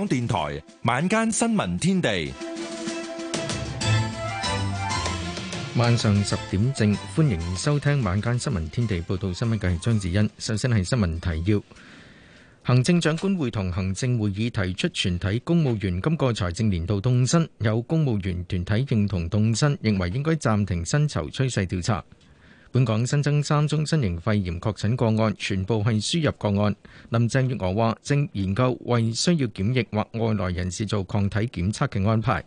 港電台晚間新聞天地，晚上十點正，歡迎收聽晚間新聞天地。報道新聞嘅係張子欣。首先係新聞提要：行政長官會同行政會議提出全體公務員今個財政年度凍薪，有公務員團體認同凍薪，認為應該暫停薪酬趨勢調查。本港新增三宗新型肺炎確診個案，全部係輸入個案。林鄭月娥話：正研究為需要檢疫或外來人士做抗體檢測嘅安排。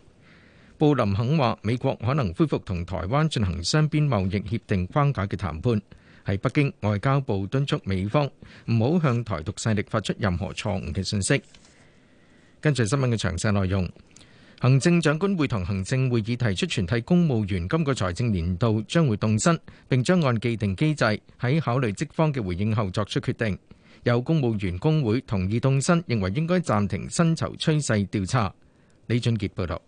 布林肯話：美國可能恢復同台灣進行雙邊貿易協定框架嘅談判。喺北京，外交部敦促美方唔好向台獨勢力發出任何錯誤嘅信息。跟住新聞嘅詳細內容。行政長官會同行政會議提出全體公務員今個財政年度將會凍薪，並將按既定機制喺考慮職方嘅回應後作出決定。有公務員工會同意凍薪，認為應該暫停薪酬趨勢調查。李俊杰報道。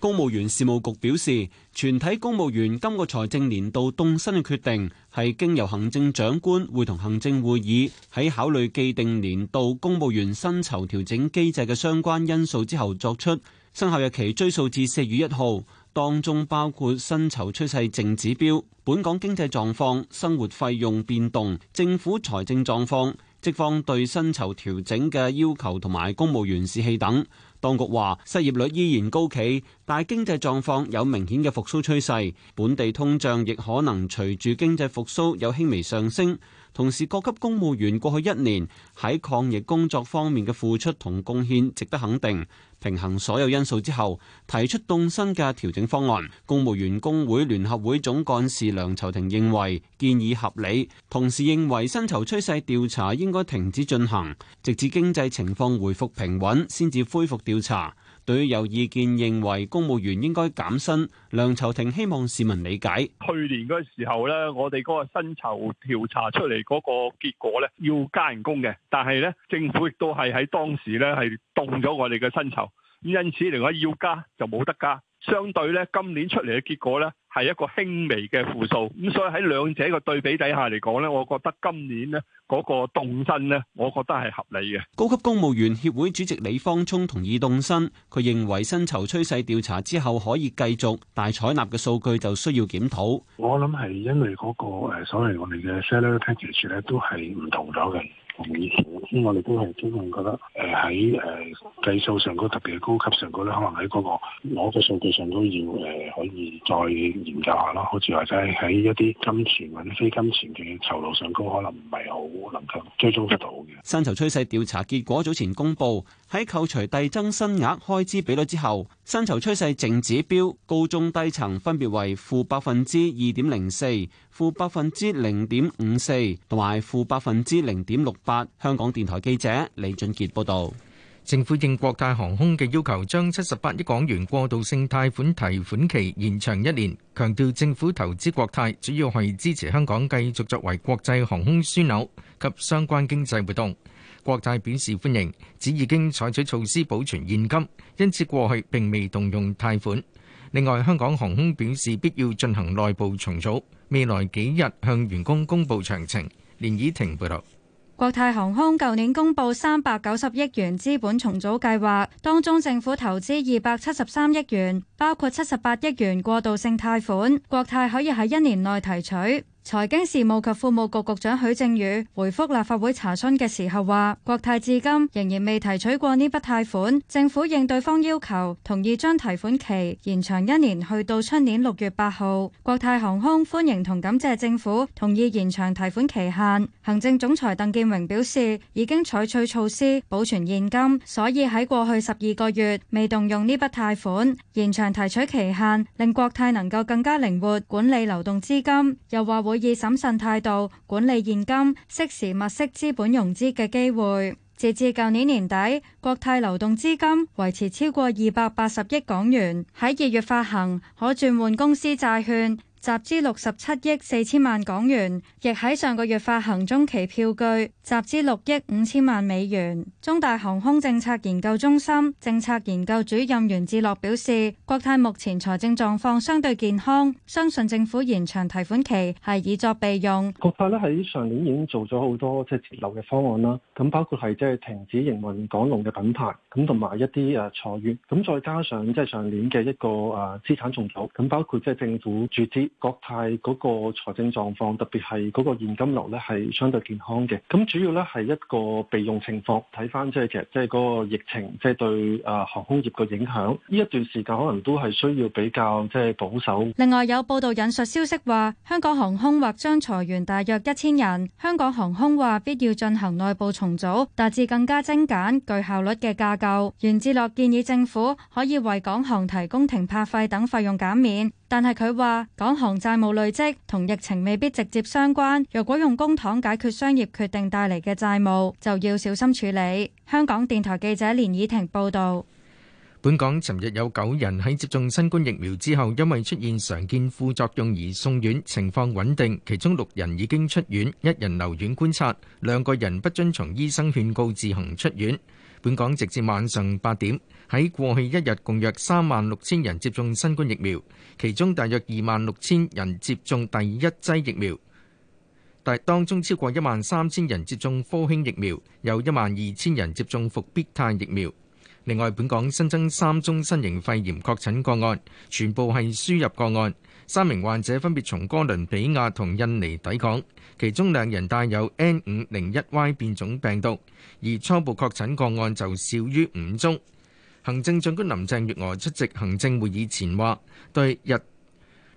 公務員事務局表示，全體公務員今個財政年度凍薪嘅決定係經由行政長官會同行政會議喺考慮既定年度公務員薪酬調整機制嘅相關因素之後作出。生效日期追溯至四月一號，當中包括薪酬趨勢淨指標、本港經濟狀況、生活費用變動、政府財政狀況、職方對薪酬調整嘅要求同埋公務員士氣等。當局話，失業率依然高企，但經濟狀況有明顯嘅復甦趨勢，本地通脹亦可能隨住經濟復甦有輕微上升。同時，各級公務員過去一年喺抗疫工作方面嘅付出同貢獻，值得肯定。平衡所有因素之後，提出凍薪嘅調整方案。公務員工會聯合會總幹事梁籌庭認為建議合理，同時認為薪酬趨勢調查應該停止進行，直至經濟情況回復平穩先至恢復調查。對於有意見認為公務員應該減薪，梁籌庭希望市民理解。去年嗰時候咧，我哋嗰個薪酬調查出嚟嗰個結果咧，要加人工嘅，但係咧政府亦都係喺當時咧係凍咗我哋嘅薪酬，因此嚟講要加就冇得加。相對咧今年出嚟嘅結果咧。係一個輕微嘅負數，咁所以喺兩者嘅對比底下嚟講呢，我覺得今年呢嗰個凍薪呢，我覺得係合理嘅。高級公務員協會主席李方聰同意凍薪，佢認為薪酬趨勢調查之後可以繼續，但採納嘅數據就需要檢討。我諗係因為嗰個、誒所謂我哋嘅 salary package 咧都係唔同咗嘅。同以、嗯、我哋都係都仲覺得，誒喺誒計數上高特別嘅高級上高，咧，可能喺嗰個攞個數據上都要誒、呃、可以再研究下咯。好似話齋喺一啲金錢或者非金錢嘅酬勞上高，可能唔係好能夠追蹤得到嘅。薪酬趨勢調查結果早前公布。喺扣除遞增薪額開支比率之後，薪酬趨勢淨指標高中低層分別為負百分之二點零四、負百分之零點五四同埋負百分之零點六八。香港電台記者李俊傑報道。政府應國泰航空嘅要求，將七十八億港元過渡性貸款提款期延長一年。強調政府投資國泰主要係支持香港繼續作為國際航空樞紐及相關經濟活動。國泰表示歡迎，指已經採取措施保存現金，因此過去並未動用貸款。另外，香港航空表示必要進行內部重組，未來幾日向員工公布詳情。連綺婷報道。國泰航空舊年公布三百九十億元資本重組計劃，當中政府投資二百七十三億元，包括七十八億元過渡性貸款，國泰可以喺一年內提取。財經事務及庫務局局長許正宇回覆立法會查詢嘅時候話：國泰至今仍然未提取過呢筆貸款，政府應對方要求同意將提款期延長一年，去到出年六月八號。國泰航空歡迎同感謝政府同意延長提款期限。行政總裁鄧建榮表示，已經採取措施保存現金，所以喺過去十二個月未動用呢筆貸款。延長提取期限令國泰能夠更加靈活管理流動資金，又話會。以審慎態度管理現金，適時物色資本融資嘅機會。截至舊年年底，國泰流動資金維持超過二百八十億港元，喺二月發行可轉換公司債券，集資六十七億四千萬港元，亦喺上個月發行中期票據，集資六億五千萬美元。中大航空政策研究中心政策研究主任袁志樂表示，國泰目前財政狀況相對健康，相信政府延長提款期係以作備用。國泰呢，喺上年已經做咗好多即係節流嘅方案啦，咁包括係即係停止營運港龍嘅品牌，咁同埋一啲誒裁員，咁再加上即係上年嘅一個誒資產重組，咁包括即係政府注資。國泰嗰個財政狀況，特別係嗰個現金流咧，係相對健康嘅。咁主要咧係一個備用情況，睇返即係其實即係嗰個疫情，即係對誒航空業嘅影響。呢一段時間可能都係需要比較即係保守。另外有報道引述消息話，香港航空或將裁員大約一千人。香港航空話必要進行內部重組，達至更加精簡、具效率嘅架構。袁志樂建議政府可以為港航提供停泊費等費用減免，但係佢話港航。同行債務累積同疫情未必直接相關。若果用公帑解決商業決定帶嚟嘅債務，就要小心處理。香港電台記者連以婷報道：本港尋日有九人喺接種新冠疫苗之後，因為出現常見副作用而送院，情況穩定。其中六人已經出院，一人留院觀察，兩個人不遵從醫生勸告自行出院。本港直至晚上八點，喺過去一日共約三萬六千人接種新冠疫苗，其中大約二萬六千人接種第一劑疫苗，但當中超過一萬三千人接種科興疫苗，有一萬二千人接種復必泰疫苗。另外，本港新增三宗新型肺炎確診個案，全部係輸入個案。三名患者分別從哥倫比亞同印尼抵港，其中兩人帶有 N501Y 變種病毒，而初步確診個案就少於五宗。行政長官林鄭月娥出席行政會議前話，對日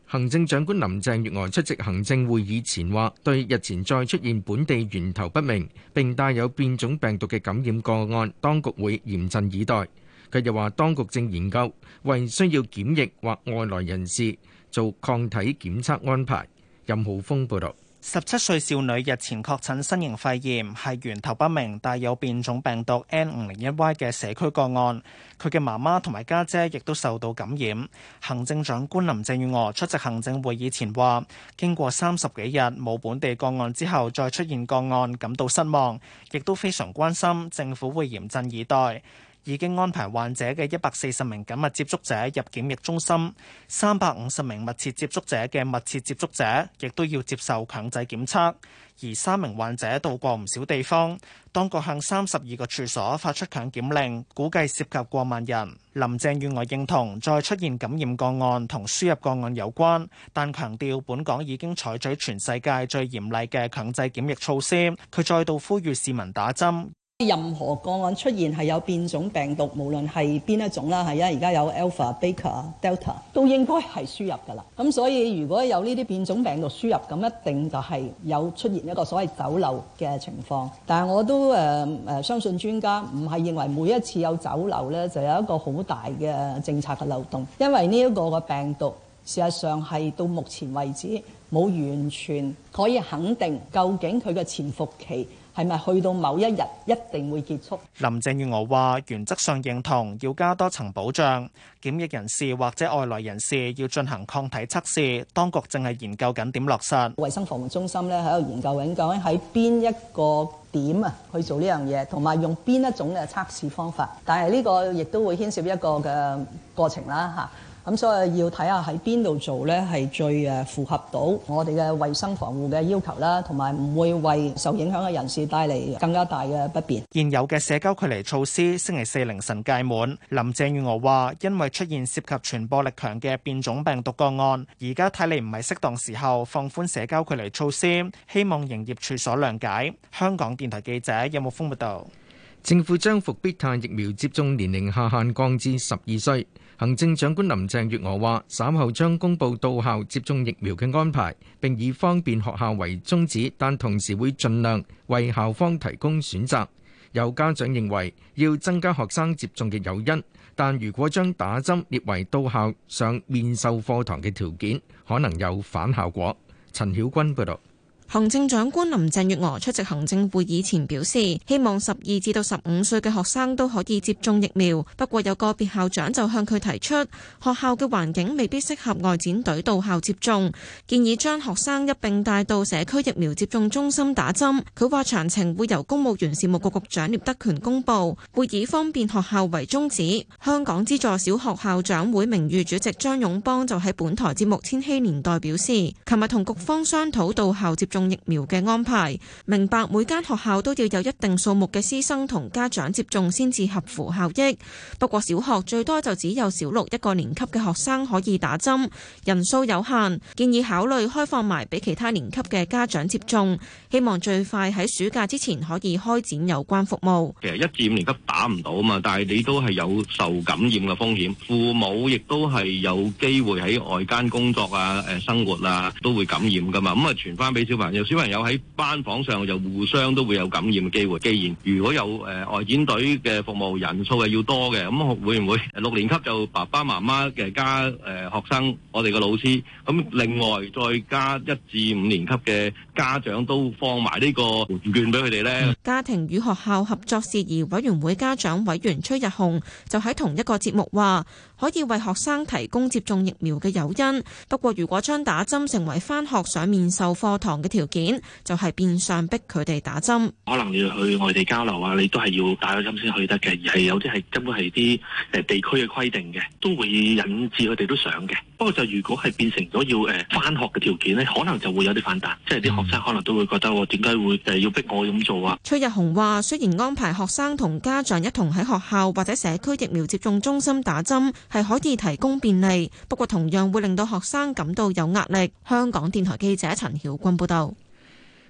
行政長官林鄭月娥出席行政會議前話，對日前再出現本地源頭不明並帶有變種病毒嘅感染個案，當局會嚴陣以待。佢又話，當局正研究為需要檢疫或外來人士做抗體檢測安排。任浩峰報導，十七歲少女日前確診新型肺炎，係源頭不明帶有變種病毒 N 五零一 Y 嘅社區個案。佢嘅媽媽同埋家姐亦都受到感染。行政長官林鄭月娥出席行政會議前話，經過三十幾日冇本地個案之後，再出現個案感到失望，亦都非常關心，政府會嚴陣以待。已經安排患者嘅一百四十名緊密接觸者入檢疫中心，三百五十名密切接觸者嘅密切接觸者亦都要接受強制檢測。而三名患者到過唔少地方，當局向三十二個處所發出強檢令，估計涉及過萬人。林鄭月娥認同，再出現感染個案同輸入個案有關，但強調本港已經採取全世界最嚴厲嘅強制檢疫措施。佢再度呼籲市民打針。任何個案出現，係有變種病毒，無論係邊一種啦，係啊，而家有 Alpha、Baker、Delta，都應該係輸入噶啦。咁所以如果有呢啲變種病毒輸入，咁一定就係有出現一個所謂走漏嘅情況。但係我都誒、誒，相信專家唔係認為每一次有走漏咧，就有一個好大嘅政策嘅漏洞，因為呢一個嘅病毒事實上係到目前為止冇完全可以肯定究竟佢嘅潛伏期。係咪去到某一日一定會結束？林鄭月娥話：原則上認同要加多層保障，檢疫人士或者外來人士要進行抗體測試。當局正係研究緊點落實。衞生防護中心咧喺度研究緊，究竟喺邊一個點啊去做呢樣嘢，同埋用邊一種嘅測試方法。但係呢個亦都會牽涉一個嘅過程啦嚇。咁所以要睇下喺邊度做咧，係最誒符合到我哋嘅衞生防護嘅要求啦，同埋唔會為受影響嘅人士帶嚟更加大嘅不便。現有嘅社交距離措施星期四凌晨屆滿，林鄭月娥話：因為出現涉及傳播力強嘅變種病毒個案，而家睇嚟唔係適當時候放寬社交距離措施，希望營業處所諒解。香港電台記者有冇封報道。政府將復必泰疫苗接種年齡下限降至十二歲。行政長官林鄭月娥話，稍後將公布到校接種疫苗嘅安排，並以方便學校為宗旨，但同時會盡量為校方提供選擇。有家長認為要增加學生接種嘅誘因，但如果將打針列為到校上面授課堂嘅條件，可能有反效果。陳曉君報道。行政長官林鄭月娥出席行政會議前表示，希望十二至到十五歲嘅學生都可以接種疫苗。不過有個別校長就向佢提出，學校嘅環境未必適合外展隊到校接種，建議將學生一併帶到社區疫苗接種中心打針。佢話詳情會由公務員事務局局長聶德權公布，會以方便學校為宗旨。香港資助小學校長會名譽主席張勇邦就喺本台節目《千禧年代》表示，琴日同局方商討到校接種。種疫苗嘅安排，明白每間學校都要有一定數目嘅師生同家長接種先至合乎效益。不過小學最多就只有小六一個年級嘅學生可以打針，人數有限，建議考慮開放埋俾其他年級嘅家長接種。希望最快喺暑假之前可以開展有關服務。其實一至五年級打唔到啊嘛，但係你都係有受感染嘅風險。父母亦都係有機會喺外間工作啊、誒生活啊都會感染噶嘛，咁啊傳翻俾小朋友。有小朋友喺班房上就互相都會有感染嘅機會。既然如果有誒、呃、外展隊嘅服務人數係要多嘅，咁會唔會六年級就爸爸媽媽嘅加誒、呃、學生，我哋嘅老師，咁另外再加一至五年級嘅。家長都放埋呢個緩券俾佢哋咧。家庭與學校合作事宜委員會家長委員崔日紅就喺同一個節目話可以為學生提供接種疫苗嘅誘因。不過如果將打針成為返學上面授課堂嘅條件，就係變相逼佢哋打針，可能你要去外地交流啊，你都係要打咗針先去得嘅。而係有啲係根本係啲誒地區嘅規定嘅，都會引致佢哋都想嘅。不過就如果係變成咗要誒返學嘅條件呢可能就會有啲反彈，即係啲學生可能都會覺得我點解會誒要逼我咁做啊？崔日雄話：雖然安排學生同家長一同喺學校或者社區疫苗接種中心打針係可以提供便利，不過同樣會令到學生感到有壓力。香港電台記者陳曉君報道，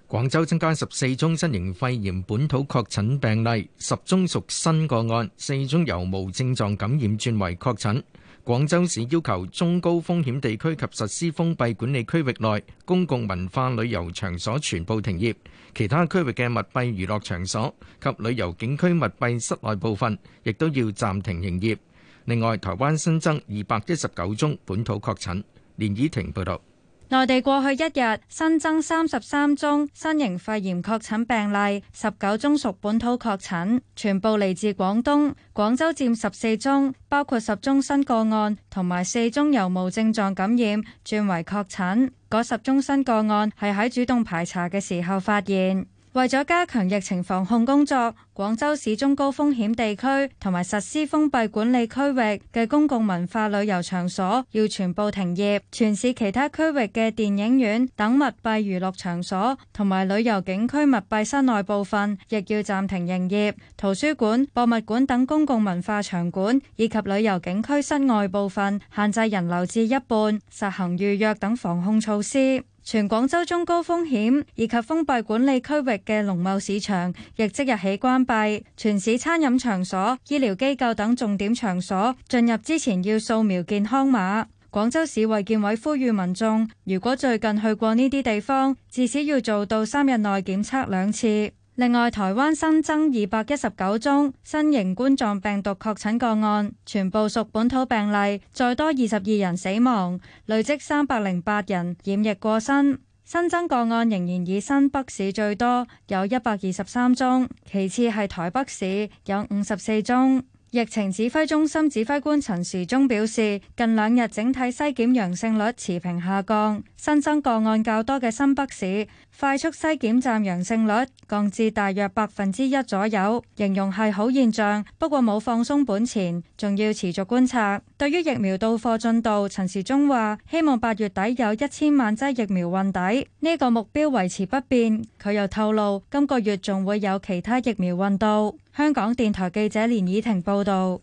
廣州增加十四宗新型肺炎本土確診病例，十宗屬新個案，四宗由無症狀感染轉為確診。廣州市要求中高風險地區及實施封閉管理區域內公共文化旅遊場所全部停業，其他區域嘅密閉娛樂場所及旅遊景區密閉室內部分，亦都要暫停營業。另外，台灣新增二百一十九宗本土確診，連倚婷報道。內地過去一日新增三十三宗新型肺炎確診病例，十九宗屬本土確診，全部嚟自廣東，廣州佔十四宗，包括十宗新個案同埋四宗由無症狀感染轉為確診。嗰十宗新個案係喺主動排查嘅時候發現。為咗加強疫情防控工作，廣州市中高風險地區同埋實施封閉管理區域嘅公共文化旅遊場所要全部停業，全市其他區域嘅電影院等密閉娛樂場所同埋旅遊景區密閉室內部分亦要暫停營業，圖書館、博物館等公共文化場館以及旅遊景區室外部分限制人流至一半，實行預約等防控措施。全廣州中高風險以及封閉管理區域嘅農貿市場亦即日起關閉，全市餐飲場所、醫療機構等重點場所進入之前要掃描健康碼。廣州市衛健委呼籲民眾，如果最近去過呢啲地方，至少要做到三日內檢測兩次。另外，台灣新增二百一十九宗新型冠狀病毒確診個案，全部屬本土病例，再多二十二人死亡，累積三百零八人染疫過身。新增個案仍然以新北市最多，有一百二十三宗，其次係台北市有五十四宗。疫情指揮中心指揮官陳時中表示，近兩日整體篩檢陽性率持平下降，新增個案較多嘅新北市，快速篩檢站陽性率降至大約百分之一左右，形容係好現象。不過冇放鬆本錢，仲要持續觀察。對於疫苗到貨進度，陳時中話：希望八月底有一千萬劑疫苗運抵，呢個目標維持不變。佢又透露今個月仲會有其他疫苗運到。香港電台記者連以婷報道。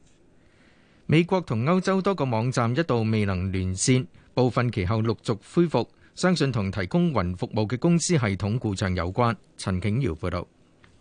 美國同歐洲多個網站一度未能連線，部分其後陸續恢復。相信同提供雲服務嘅公司系統故障有關，陳景瑤報道。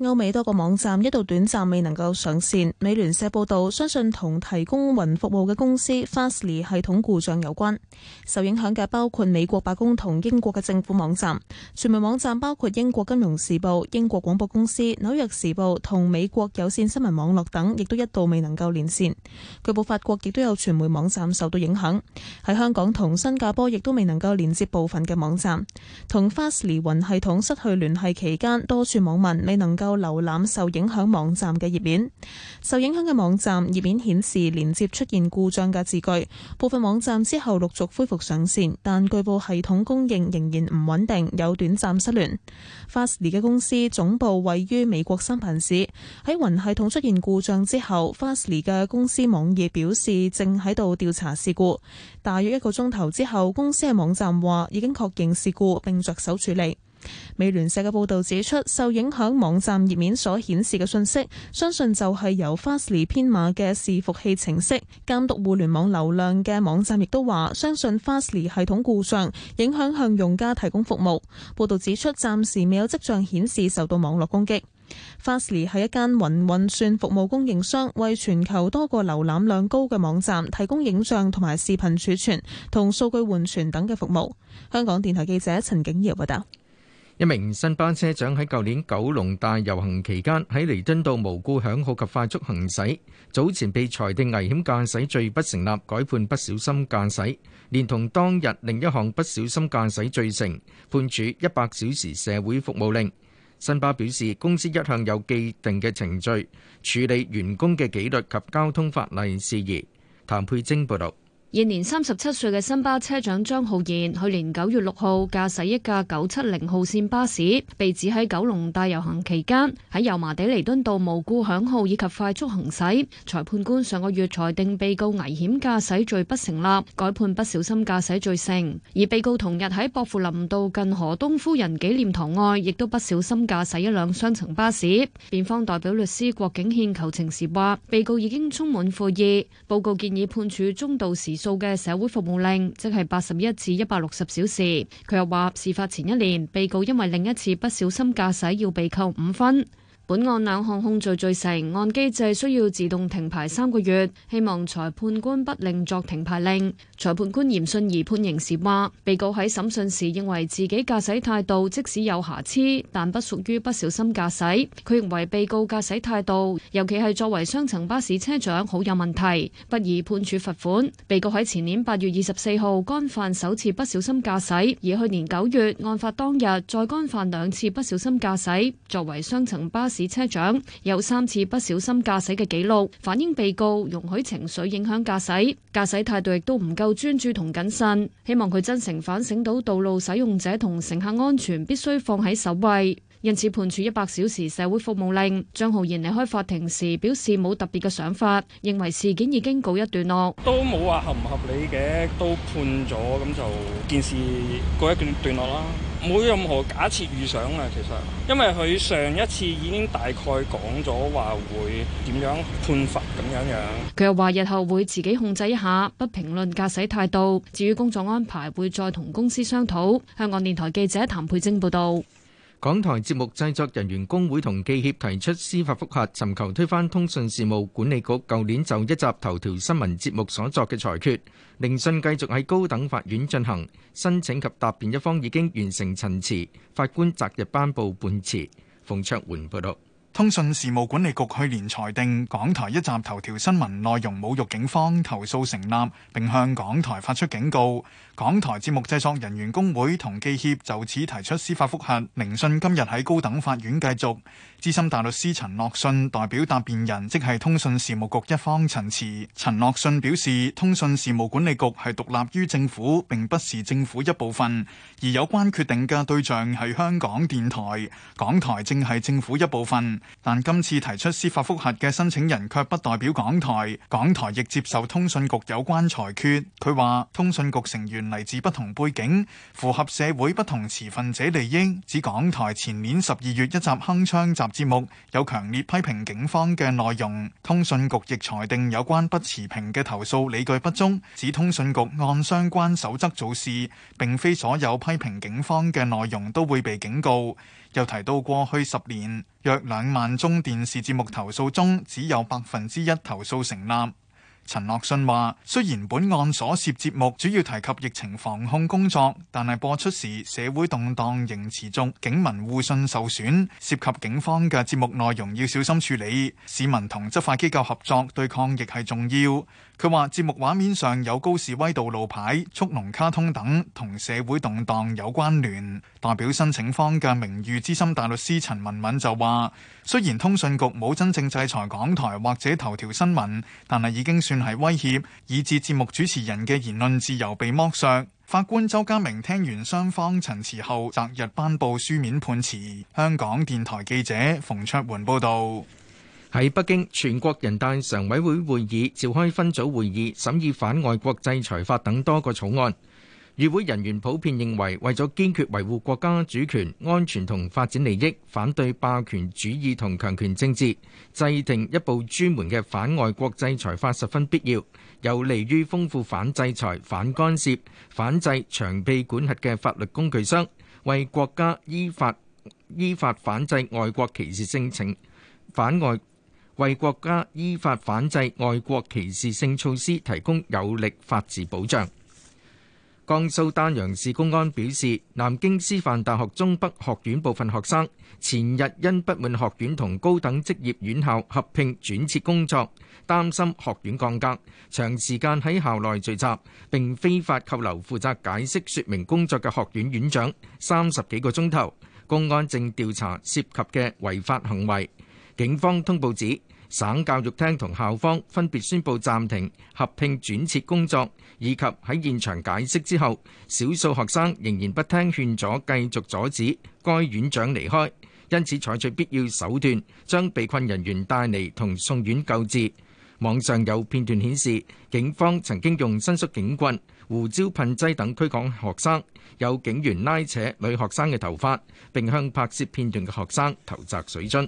歐美多個網站一度短暫未能夠上線，美聯社報道相信同提供雲服務嘅公司 Fastly 系統故障有關。受影響嘅包括美國白宮同英國嘅政府網站，傳媒網站包括英國金融時報、英國廣播公司、紐約時報同美國有線新聞網絡等，亦都一度未能夠連線。據報法國亦都有傳媒網站受到影響。喺香港同新加坡亦都未能夠連接部分嘅網站。同 Fastly 雲系統失去聯繫期間，多處網民未能夠。瀏覽受影響網站嘅頁面，受影響嘅網站頁面顯示連接出現故障嘅字句。部分網站之後陸續恢復上線，但據報系統供應仍然唔穩定，有短暫失聯。Fastly 嘅公司總部位於美國三藩市。喺雲系統出現故障之後，Fastly 嘅公司網頁表示正喺度調查事故。大約一個鐘頭之後，公司嘅網站話已經確認事故，並着手處理。美聯社嘅報道指出，受影響網站頁面所顯示嘅信息，相信就係由 Fastly 編碼嘅伺服器程式監督互聯網流量嘅網站，亦都話相信 Fastly 系統故障影響向用家提供服務。報道指出，暫時未有跡象顯示受到網絡攻擊。Fastly 係一間雲運算服務供應商，為全球多個瀏覽量高嘅網站提供影像同埋視頻儲存同數據緩存等嘅服務。香港電台記者陳景堯報道。一名新巴車長喺舊年九龍大遊行期間喺彌敦道無故響號及快速行駛，早前被裁定危險駕駛罪不成立，改判不小心駕駛，連同當日另一項不小心駕駛罪成，判處一百小時社會服務令。新巴表示，公司一向有既定嘅程序處理員工嘅紀律及交通法例事宜。譚佩晶報道。現年三十七歲嘅新巴車長張浩然去年九月六號駕駛一架九七零號線巴士，被指喺九龍大遊行期間喺油麻地彌敦道無故響號以及快速行駛。裁判官上個月裁定被告危險駕駛罪不成立，改判不小心駕駛罪成。而被告同日喺薄扶林道近何東夫人紀念堂外，亦都不小心駕駛一輛雙層巴士。辯方代表律師郭景憲求情時話，被告已經充滿悔意，報告建議判處中度時做嘅社會服務令即係八十一至一百六十小時。佢又話：事發前一年，被告因為另一次不小心駕駛要被扣五分。本案兩項控罪罪成，按機制需要自動停牌三個月，希望裁判官不另作停牌令。裁判官嚴信而判刑時話：被告喺審訊時認為自己駕駛態度即使有瑕疵，但不屬於不小心駕駛。佢認為被告駕駛態度，尤其係作為雙層巴士車長，好有問題，不宜判處罰款。被告喺前年八月二十四號干犯首次不小心駕駛，而去年九月案發當日再干犯兩次不小心駕駛，作為雙層巴士市車長有三次不小心駕駛嘅記錄，反映被告容許情緒影響駕駛，駕駛態度亦都唔夠專注同謹慎。希望佢真誠反省到，道路使用者同乘客安全必須放喺首位。因此判處一百小時社會服務令。張浩然離開法庭時表示冇特別嘅想法，認為事件已經告一段落，都冇話合唔合理嘅，都判咗咁就件事告一段段落啦，冇任何假設預想啊。其實因為佢上一次已經大概講咗話會點樣判罰咁樣樣。佢又話：日後會自己控制一下，不評論駕駛態度。至於工作安排，會再同公司商討。香港電台記者譚佩晶報道。港台節目製作人員工會同記協提出司法覆核，尋求推翻通訊事務管理局舊年就一集頭條新聞節目所作嘅裁決，聆訊繼續喺高等法院進行，申請及答辯一方已經完成陳詞，法官擇日頒布判詞。馮卓桓報道。通訊事務管理局，去年裁定港台一集頭條新聞內容侮辱警方投訴成立，並向港台發出警告。港台節目製作人員工會同記協就此提出司法覆核，聆訊今日喺高等法院繼續。資深大律師陳樂信代表答辯人，即係通訊事務局一方陳詞。陳樂信表示，通訊事務管理局係獨立於政府，並不是政府一部分，而有關決定嘅對象係香港電台。港台正係政府一部分，但今次提出司法復核嘅申請人卻不代表港台。港台亦接受通訊局有關裁決。佢話，通訊局成員嚟自不同背景，符合社會不同持份者利益。指港台前年十二月一集鏗鏘集。節目有強烈批評警方嘅內容，通訊局亦裁定有關不持平嘅投訴理據不足，指通訊局按相關守則做事，並非所有批評警方嘅內容都會被警告。又提到過去十年約兩萬宗電視節目投訴中，只有百分之一投訴成立。陳樂信話：雖然本案所涉節目主要提及疫情防控工作，但係播出時社會動盪仍持續，警民互信受損，涉及警方嘅節目內容要小心處理。市民同執法機構合作對抗亦係重要。佢話：節目畫面上有高士威道路牌、速龍卡通等，同社會動盪有關聯。代表申請方嘅名譽資深大律師陳文敏就話：雖然通訊局冇真正制裁港台或者頭條新聞，但係已經算係威脅，以致節目主持人嘅言論自由被剝削。法官周家明聽完雙方陳詞後，擇日頒佈書面判詞。香港電台記者馮卓桓報導。喺北京，全國人大常委會會議召開分組會議，審議反外國制裁法等多個草案。與會人員普遍認為，為咗堅決維護國家主權、安全同發展利益，反對霸權主義同強權政治，制定一部專門嘅反外國制裁法十分必要，有利於豐富反制裁、反干涉、反制長臂管轄嘅法律工具箱，為國家依法依法反制外國歧視性情反外。為國家依法反制外國歧視性措施提供有力法治保障。江蘇丹陽市公安表示，南京師範大學中北學院部分學生前日因不滿學院同高等職業院校合併轉設工作，擔心學院降格，長時間喺校內聚集並非法扣留負責解釋說明工作嘅學院院長三十幾個鐘頭，公安正調查涉及嘅違法行為。警方通報指，省教育廳同校方分別宣布暫停合併轉設工作，以及喺現場解釋之後，少數學生仍然不聽勸阻，繼續阻止該院長離開，因此採取必要手段將被困人員帶離同送院救治。網上有片段顯示，警方曾經用伸縮警棍、胡椒噴劑等驅趕學生，有警員拉扯女學生嘅頭髮，並向拍攝片段嘅學生投擲水樽。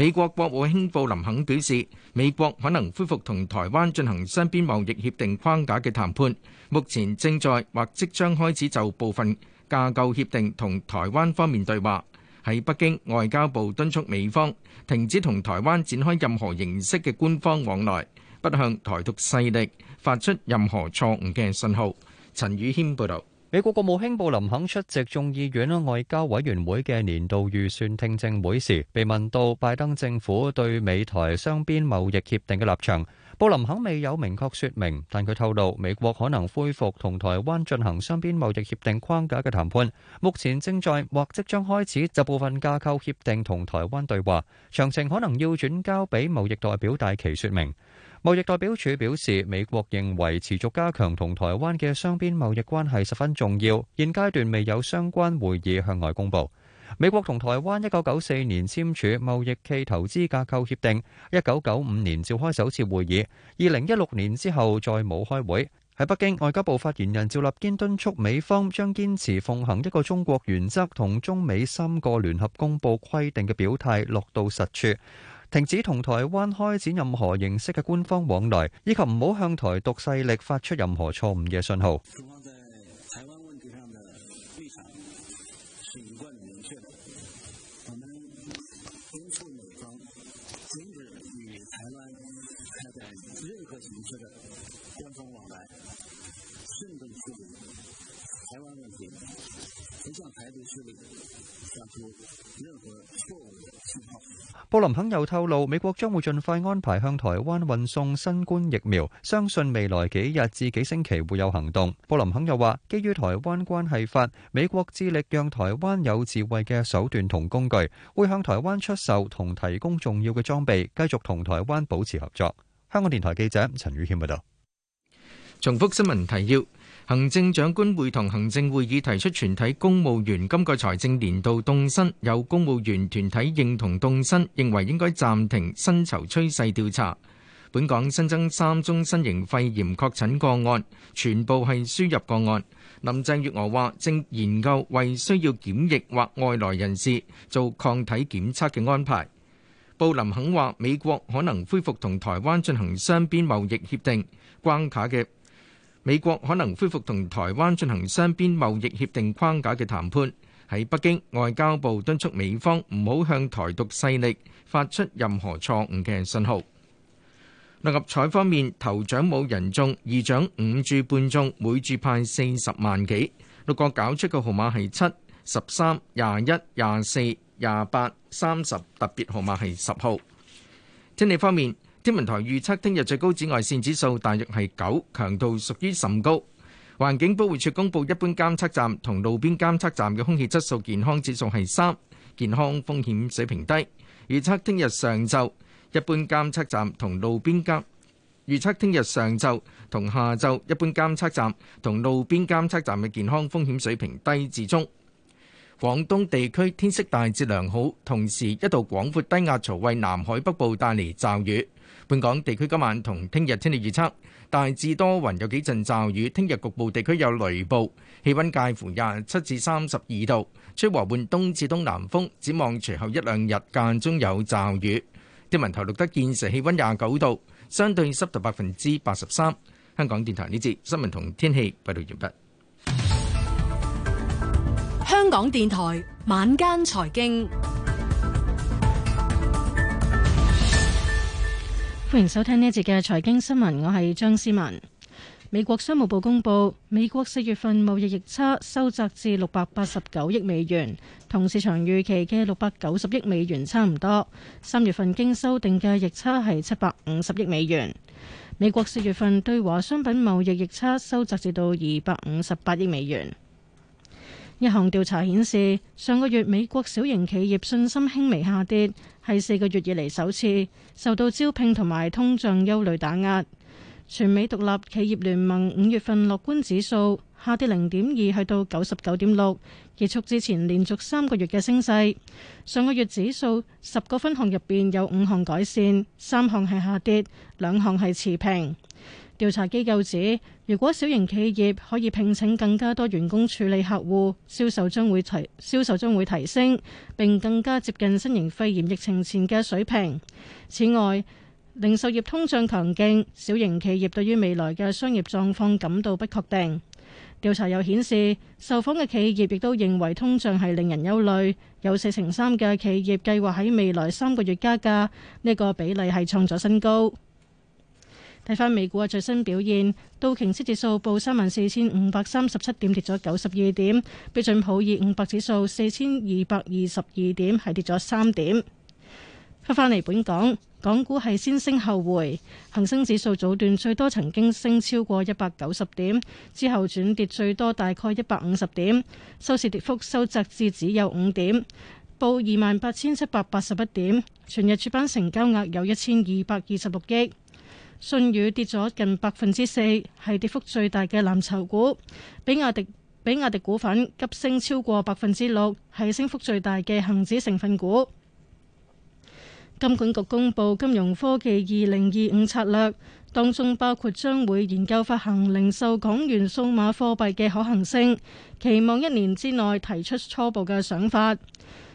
美國國務卿布林肯表示，美國可能恢復同台灣進行雙邊貿易協定框架嘅談判，目前正在或即將開始就部分架構協定同台灣方面對話。喺北京，外交部敦促美方停止同台灣展開任何形式嘅官方往來，不向台獨勢力發出任何錯誤嘅信號。陳宇軒報道。美國國務卿布林肯出席眾議院外交委員會嘅年度預算聽證會時，被問到拜登政府對美台雙邊貿易協定嘅立場，布林肯未有明確說明，但佢透露美國可能恢復同台灣進行雙邊貿易協定框架嘅談判，目前正在或即將開始就部分架構協定同台灣對話，詳情可能要轉交俾貿易代表戴琪說明。貿易代表處表示，美國認為持續加強同台灣嘅雙邊貿易關係十分重要，現階段未有相關會議向外公佈。美國同台灣一九九四年簽署《貿易暨投資架構協定》，一九九五年召開首次會議，二零一六年之後再冇開會。喺北京，外交部發言人趙立堅敦促美方將堅持奉行一個中國原則同中美三個聯合公佈規定嘅表態落到實處。停止同台灣開展任何形式嘅官方往來，以及唔好向台獨勢力發出任何錯誤嘅信號。中方在台灣問題上的立場是一貫的明確的，我們敦促美方停止與台灣開展任何形式嘅官方往來，慎重處理台灣問題，不向台獨勢力發出任何錯誤。布林肯又透露，美國將會盡快安排向台灣運送新冠疫苗，相信未來幾日至幾星期會有行動。布林肯又話，基於台灣關係法，美國致力讓台灣有自衛嘅手段同工具，會向台灣出售同提供重要嘅裝備，繼續同台灣保持合作。香港電台記者陳宇謙報道。重複新聞提要。行政長官會同行政會議提出，全體公務員今個財政年度凍薪，有公務員團體認同凍薪，認為應該暫停薪酬趨勢調查。本港新增三宗新型肺炎確診個案，全部係輸入個案。林鄭月娥話：正研究為需要檢疫或外來人士做抗體檢測嘅安排。布林肯話：美國可能恢復同台灣進行雙邊貿易協定關卡嘅。美國可能恢復同台灣進行雙邊貿易協定框架嘅談判。喺北京，外交部敦促美方唔好向台獨勢力發出任何錯誤嘅信號。六合彩方面，頭獎冇人中，二獎五注半中，每注派四十萬幾。六個搞出嘅號碼係七、十三、廿一、廿四、廿八、三十，特別號碼係十號。天氣方面。天文台預測，聽日最高紫外線指數大約係九，強度屬於甚高。環境保護署公布，一般監測站同路邊監測站嘅空氣質素健康指數係三，健康風險水平低。預測聽日上晝一般監測站同路邊監預測聽日上晝同下晝一般監測站同路邊監測站嘅健康風險水平低至中。廣東地區天色大致良好，同時一度廣闊低壓槽為南海北部帶嚟驟雨。本港地區今晚同聽日天氣預測，大致多雲，有幾陣驟雨。聽日局部地區有雷暴，氣溫介乎廿七至三十二度，吹和緩東至東南風。展望隨後一兩日間中有驟雨。天文台錄得現時氣溫廿九度，相對濕度百分之八十三。香港電台呢節新聞同天氣報道完畢。香港電台晚間財經。歡迎收聽呢一節嘅財經新聞，我係張思文。美國商務部公布，美國四月份貿易逆差收窄至六百八十九億美元，同市場預期嘅六百九十億美元差唔多。三月份經修訂嘅逆差係七百五十億美元。美國四月份對華商品貿易逆差收窄至到二百五十八億美元。一項調查顯示，上個月美國小型企業信心輕微下跌。係四個月以嚟首次受到招聘同埋通脹憂慮打壓。全美獨立企業聯盟五月份樂觀指數下跌零點二，去到九十九點六，結束之前連續三個月嘅升勢。上個月指數十個分項入面有五項改善，三項係下跌，兩項係持平。調查機構指，如果小型企業可以聘請更加多員工處理客戶銷售，將會提銷售將會提升並更加接近新型肺炎疫情前嘅水平。此外，零售業通脹強勁，小型企業對於未來嘅商業狀況感到不確定。調查又顯示，受訪嘅企業亦都認為通脹係令人憂慮，有四成三嘅企業計劃喺未來三個月加價，呢個比例係創咗新高。睇翻美股嘅最新表現，道瓊斯指數報三萬四千五百三十七點，跌咗九十二點。標準普爾五百指數四千二百二十二點，係跌咗三點。翻返嚟本港，港股係先升後回，恒生指數早段最多曾經升超過一百九十點，之後轉跌最多大概一百五十點，收市跌幅收窄至只有五點，報二萬八千七百八十一點。全日主板成交額有一千二百二十六億。信宇跌咗近百分之四，係跌幅最大嘅藍籌股。比亞迪比亞迪股份急升超過百分之六，係升幅最大嘅恒指成分股。金管局公布金融科技二零二五策略，當中包括將會研究發行零售港元數碼貨幣嘅可行性，期望一年之內提出初步嘅想法。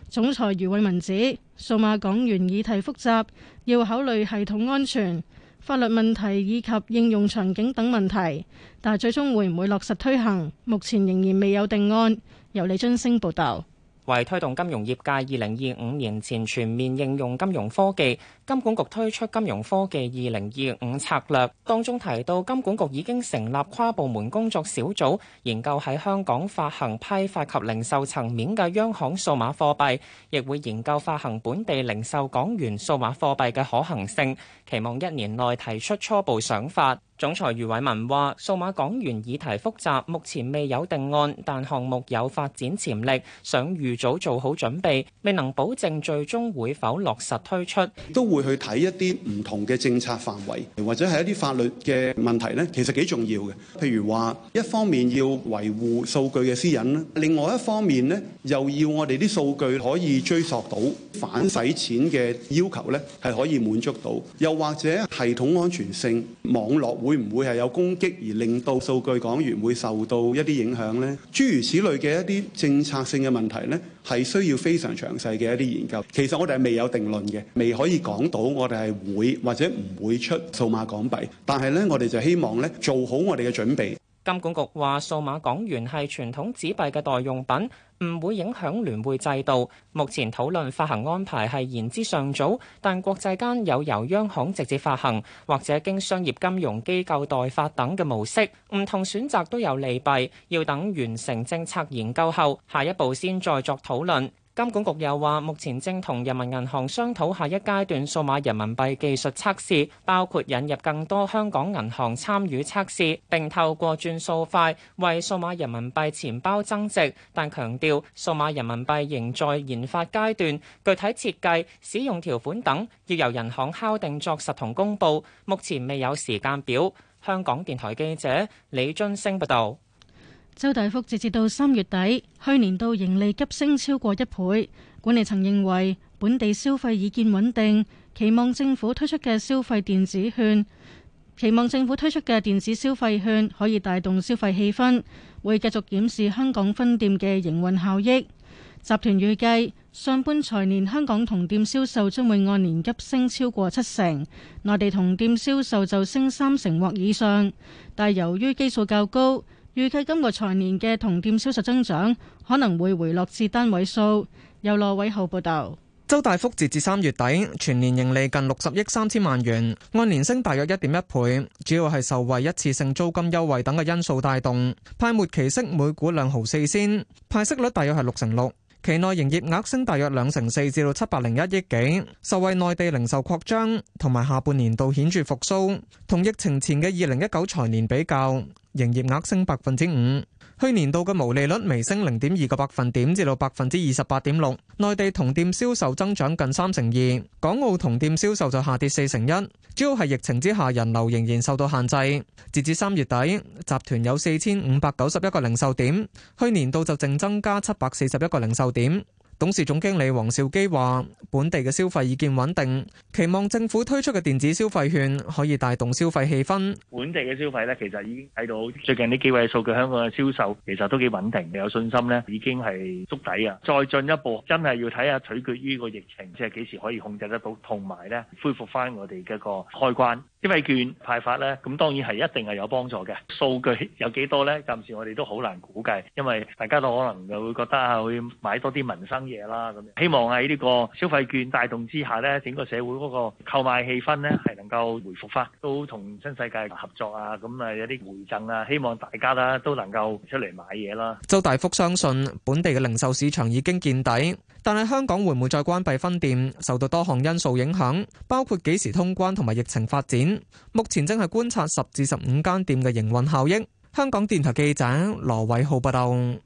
總裁余偉文指，數碼港元議題複雜，要考慮系統安全，法律問題以及應用場景等問題，但係最終會唔會落實推行，目前仍然未有定案。由李津星報導。為推動金融業界二零二五年前全面應用金融科技。金管局推出金融科技2025策略，當中提到金管局已經成立跨部門工作小組，研究喺香港發行批發及零售層面嘅央行數碼貨幣，亦會研究發行本地零售港元數碼貨幣嘅可行性，期望一年內提出初步想法。總裁余偉文話：數碼港元議題複雜，目前未有定案，但項目有發展潛力，想預早做好準備，未能保證最終會否落實推出。會去睇一啲唔同嘅政策範圍，或者係一啲法律嘅問題咧，其實幾重要嘅。譬如話一方面要維護數據嘅私隱啦，另外一方面咧，又要我哋啲數據可以追溯到反洗錢嘅要求咧，係可以滿足到。又或者系統安全性，網絡會唔會係有攻擊而令到數據講完會受到一啲影響咧？諸如此類嘅一啲政策性嘅問題咧。係需要非常詳細嘅一啲研究，其實我哋係未有定論嘅，未可以講到我哋係會或者唔會出數碼港幣，但係呢，我哋就希望呢做好我哋嘅準備。金管局話：數碼港元係傳統紙幣嘅代用品，唔會影響聯匯制度。目前討論發行安排係言之尚早，但國際間有由央行直接發行，或者經商業金融機構代發等嘅模式，唔同選擇都有利弊，要等完成政策研究後，下一步先再作討論。金管局又話，目前正同人民銀行商討下一階段數碼人民幣技術測試，包括引入更多香港銀行參與測試，並透過轉數快為數碼人民幣錢包增值。但強調數碼人民幣仍在研發階段，具體設計、使用條款等要由人行敲定作實同公佈，目前未有時間表。香港電台記者李津星報道。周大福截至到三月底，去年度盈利急升超過一倍。管理層認為本地消費已見穩定，期望政府推出嘅消費電子券，期望政府推出嘅電子消費券可以帶動消費氣氛。會繼續檢視香港分店嘅營運效益。集團預計上半財年香港同店銷售將會按年急升超過七成，內地同店銷售就升三成或以上。但由於基數較高。預計今個財年嘅同店銷售增長可能會回落至單位數。由羅偉浩報導。周大福截至三月底全年盈利近六十億三千萬元，按年升大約一點一倍，主要係受惠一次性租金優惠等嘅因素帶動。派末期息每股兩毫四仙，派息率大約係六成六。期內營業額升大約兩成四至到七百零一億幾，受惠內地零售擴張同埋下半年度顯著復甦，同疫情前嘅二零一九財年比較。營業額升百分之五，去年度嘅毛利率微升零點二個百分點至到百分之二十八點六。內地同店銷售增長近三成二，港澳同店銷售就下跌四成一。主要係疫情之下人流仍然受到限制。截至三月底，集團有四千五百九十一個零售點，去年度就淨增加七百四十一個零售點。董事總經理黃兆基話，本地嘅消費意見穩定，期望政府推出嘅電子消費券可以帶動消費氣氛。本地嘅消費咧，其實已經睇到最近呢幾位嘅數據，香港嘅銷售其實都幾穩定，你有信心咧，已經係縮底噶。再進一步，真係要睇下取決於個疫情，即係幾時可以控制得到，同埋咧恢復翻我哋嘅個開關。消費券派發咧，咁當然係一定係有幫助嘅。數據有幾多咧？暫時我哋都好難估計，因為大家都可能就會覺得會買多啲民生嘢啦。咁希望喺呢個消費券帶動之下咧，整個社會嗰個購買氣氛咧係能夠回復翻，都同新世界合作啊，咁、嗯、啊有啲回贈啊，希望大家啦都能夠出嚟買嘢啦。周大福相信本地嘅零售市場已經見底。但係香港會唔會再關閉分店，受到多項因素影響，包括幾時通關同埋疫情發展。目前正係觀察十至十五間店嘅營運效益。香港電台記者羅偉浩報道。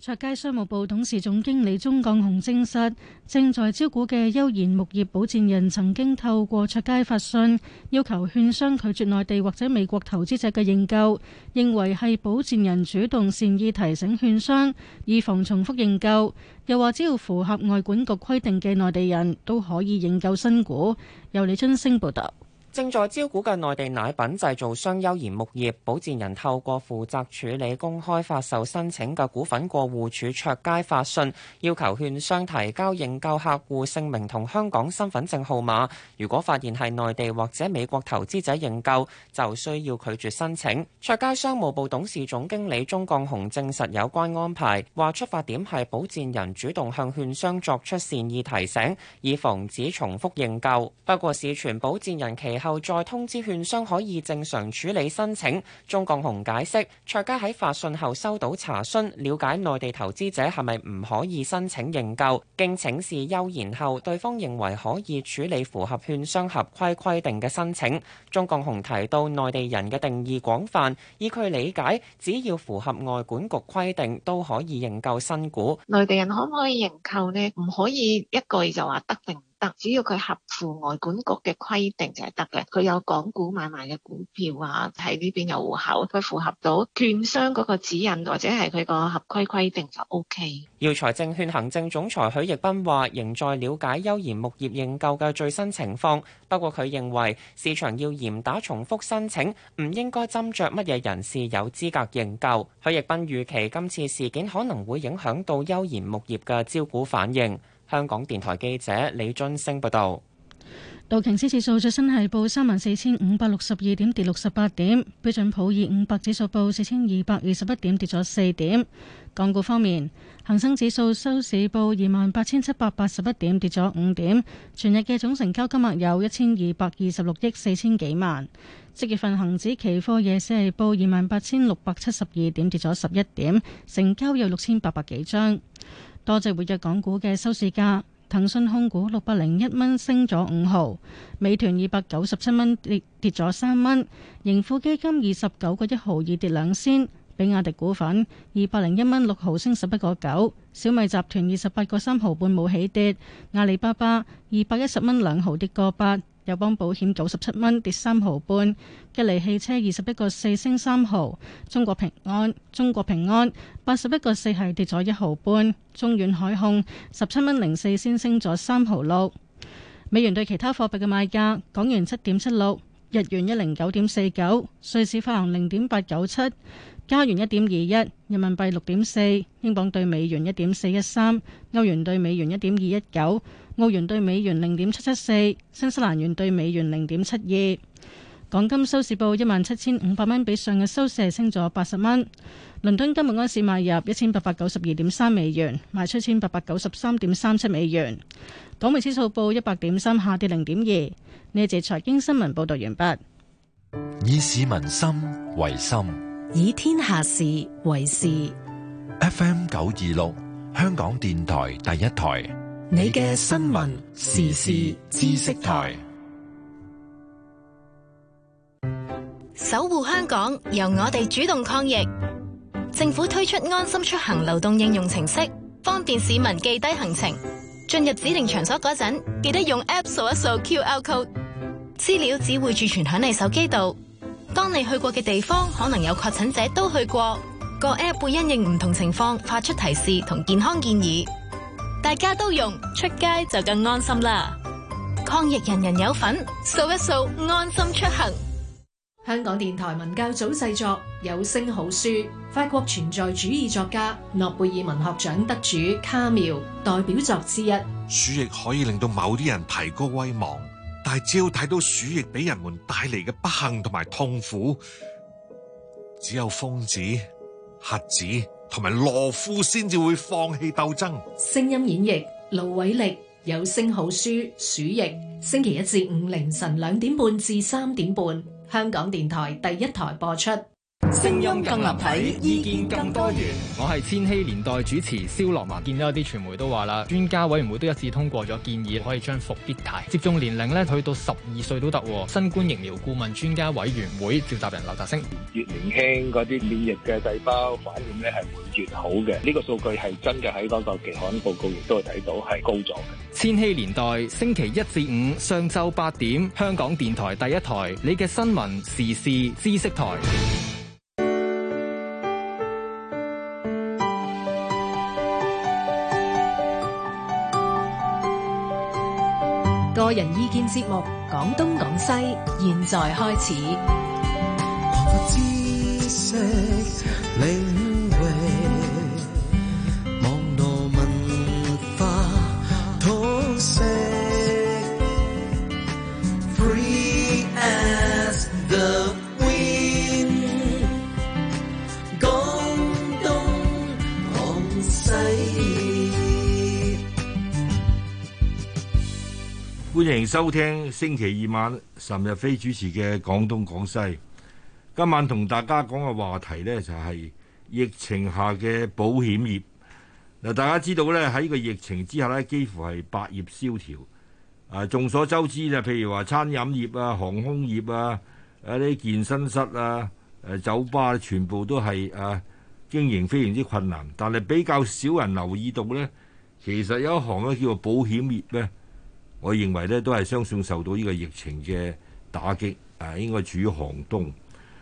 卓佳商務部董事總經理鍾鋼雄證實，正在招股嘅悠然木業保薦人曾經透過卓佳發信，要求券商拒絕內地或者美國投資者嘅認購，認為係保薦人主動善意提醒券商，以防重複認購。又話只要符合外管局規定嘅內地人都可以認購新股。由李春星報道。正在招股嘅內地奶品製造商優然木業保薦人透過負責處理公開發售申請嘅股份過戶處卓佳發信，要求券商提交認購客戶姓名同香港身份證號碼，如果發現係內地或者美國投資者認購就需要拒絕申請。卓佳商務部董事總經理鍾鋼雄證實有關安排，話出發點係保薦人主動向券商作出善意提醒，以防止重複認購，不過市傳保薦人期後再通知券商可以正常處理申請。鍾國雄解釋，卓佳喺發信後收到查詢，了解內地投資者係咪唔可以申請認購。經請示休然後，對方認為可以處理符合券商合規規定嘅申請。鍾國雄提到，內地人嘅定義廣泛，以佢理解，只要符合外管局規定，都可以認購新股。內地人可唔可以認購呢？唔可以一句就話得定。得，只要佢合乎外管局嘅規定就係得嘅。佢有港股買賣嘅股票啊，喺呢邊有戶口，佢符合到券商嗰個指引或者係佢個合規規定就 OK。耀才證券行政總裁許逸斌話仍在了解優然木業認購嘅最新情況，不過，佢認為市場要嚴打重複申請，唔應該斟酌乜嘢人士有資格認購，許逸斌預期今次事件可能會影響到優然木業嘅招股反應。香港電台記者李俊升報道，道瓊斯指數最新係報三萬四千五百六十二點，跌六十八點；標準普爾五百指數報四千二百二十一點，跌咗四點。港股方面，恒生指數收市報二萬八千七百八十一點，跌咗五點。全日嘅總成交金額有一千二百二十六億四千幾萬。即月份恒指期貨夜市係報二萬八千六百七十二點，跌咗十一點，成交有六千八百幾張。多隻活躍港股嘅收市價，騰訊控股六百零一蚊升咗五毫，美團二百九十七蚊跌跌咗三蚊，盈富基金二十九個一毫二跌兩仙，比亞迪股份二百零一蚊六毫升十一個九，小米集團二十八個三毫半冇起跌，阿里巴巴二百一十蚊兩毫跌個八。友邦保險九十七蚊跌三毫半，吉利汽車二十一個四升三毫，中國平安中國平安八十一個四係跌咗一毫半，中遠海控十七蚊零四先升咗三毫六，美元對其他貨幣嘅賣價，港元七點七六。日元一零九點四九，瑞士法郎零點八九七，加元一點二一，人民幣六點四，英鎊對美元一點四一三，歐元對美元一點二一九，澳元對美元零點七七四，新西蘭元對美元零點七二。港金收市報一萬七千五百蚊，比上日收市升咗八十蚊。倫敦今日安市買入一千八百九十二點三美元，賣出一千八百九十三點三七美元。港媒指數報一百點三，下跌零點二。呢節財經新聞報道完畢。以市民心為心，以天下事為事。F M 九二六，香港電台第一台，你嘅新聞時事知識台。守護香港，由我哋主動抗疫。政府推出安心出行流動應用程式，方便市民記低行程。進入指定場所嗰陣，記得用 App 掃一掃 QR code，資料只會儲存響你手機度。當你去過嘅地方可能有確診者都去過，個 App 會因應唔同情況發出提示同健康建議，大家都用，出街就更安心啦。抗疫人人有份，掃一掃安心出行。香港電台文教組製作有聲好書，法國存在主義作家、諾貝爾文學獎得主卡繆代表作之一《鼠疫》可以令到某啲人提高威望，但係只要睇到鼠疫俾人們帶嚟嘅不幸同埋痛苦，只有瘋子、瞎子同埋懦夫先至會放棄鬥爭。聲音演繹：盧偉力有聲好書《鼠疫》，星期一至五凌晨兩點半至三點半。香港電台第一台播出。聲音更立體，意見更多元。我係千禧年代主持蕭樂文。見到有啲傳媒都話啦，專家委員會都一致通過咗建議，可以將復必泰接種年齡咧去到十二歲都得。新冠疫苗顧問專家委員會召集人劉澤星，「越年輕嗰啲免疫嘅細胞反應咧係會越好嘅。」呢個數據係真嘅，喺多份期刊報告亦都係睇到係高咗嘅。千禧年代星期一至五上晝八點，香港電台第一台你嘅新聞時事知識台。個人意見節目《講東講西》，現在開始。 收聽星期二晚岑日飛主持嘅《廣東廣西》，今晚同大家講嘅話題呢，就係疫情下嘅保險業。嗱，大家知道呢，喺個疫情之下呢，幾乎係百業蕭條。啊，眾所周知啦，譬如話餐飲業啊、航空業啊、一啲健身室啊、誒酒吧，全部都係啊經營非常之困難。但係比較少人留意到呢，其實有一行咧叫做保險業嘅。我認為咧，都係相信受到呢個疫情嘅打擊，啊，應該處於寒冬。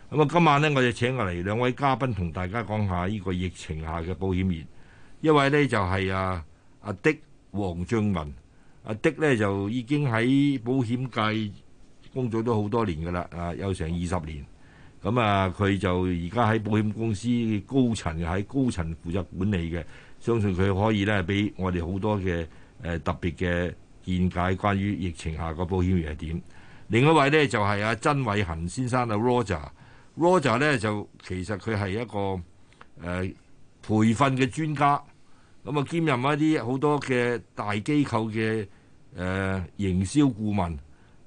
咁啊，今晚呢，我就請過嚟兩位嘉賓，同大家講下呢個疫情下嘅保險業。一位呢，就係啊，阿的黃俊文，阿的呢，就已經喺保險界工作咗好多年噶啦，啊，有成二十年。咁啊，佢就而家喺保險公司高層，喺高層負責管理嘅，相信佢可以咧俾我哋好多嘅誒特別嘅。見解關於疫情下個保險業係點？另一位呢就係、是、阿、啊、曾偉恒先生阿、啊、Roger，Roger 呢就其實佢係一個誒、呃、培訓嘅專家，咁啊兼任一啲好多嘅大機構嘅誒、呃、營銷顧問，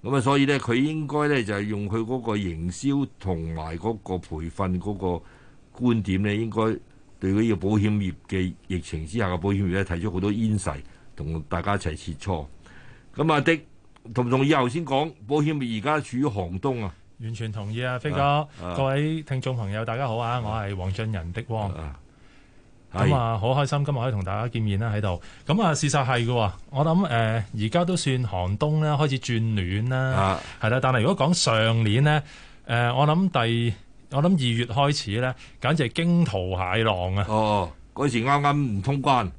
咁啊所以呢，佢應該呢就係用佢嗰個營銷同埋嗰個培訓嗰個觀點呢，應該對呢個保險業嘅疫情之下嘅保險業呢提出好多 insight，同大家一齊切磋。咁啊的同唔同意？頭先講保險而家處於寒冬啊！完全同意啊，飛、啊、哥，各位聽眾朋友，大家好啊！我係黃俊仁的汪。咁啊、嗯，好開心今日可以同大家見面啦喺度。咁啊、嗯，事實係嘅。我諗誒，而、呃、家都算寒冬啦，開始轉暖啦，係啦、啊。但係如果講上年咧，誒、呃，我諗第我諗二月開始咧，簡直係驚濤駭浪啊！哦，嗰時啱啱唔通關。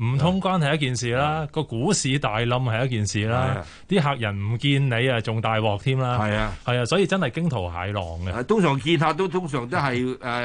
唔通關係一件事啦，個的股市大冧係一件事啦，啲的客人唔見你啊，仲大鑊添啦，係啊的，係啊，所以真係驚濤駭浪嘅。通常見客都通常都係誒。